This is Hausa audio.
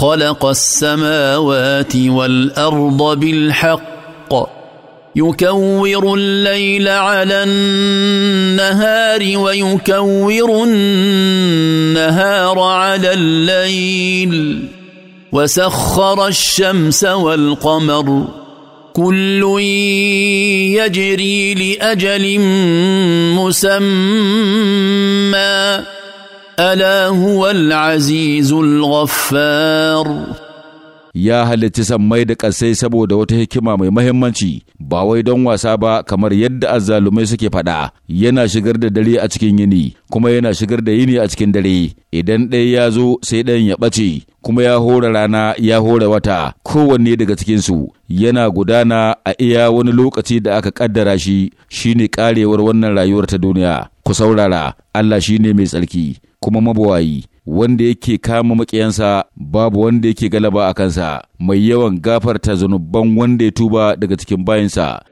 خلق السماوات والارض بالحق يكور الليل على النهار ويكور النهار على الليل وسخر الشمس والقمر كل يجري لاجل مسمى الا هو العزيز ya halitti sammai da ƙasai saboda wata hikima mai mahimmanci ba wai don wasa ba kamar yadda azzalumai suke faɗa yana shigar da dare a cikin yini kuma yana shigar da yini a cikin dare idan ɗaya ya zo sai ɗayan ya ɓace kuma ya hora rana ya hora wata kowanne daga cikinsu yana gudana a iya wani lokaci da aka ƙaddara shi shine ƙarewar wannan rayuwar ta duniya ku saurara Allah shi ne mai tsarki kuma mabawayi wanda yake kama makiyansa babu wanda yake galaba a kansa mai yawan gafarta zunuban wanda ya tuba daga cikin bayansa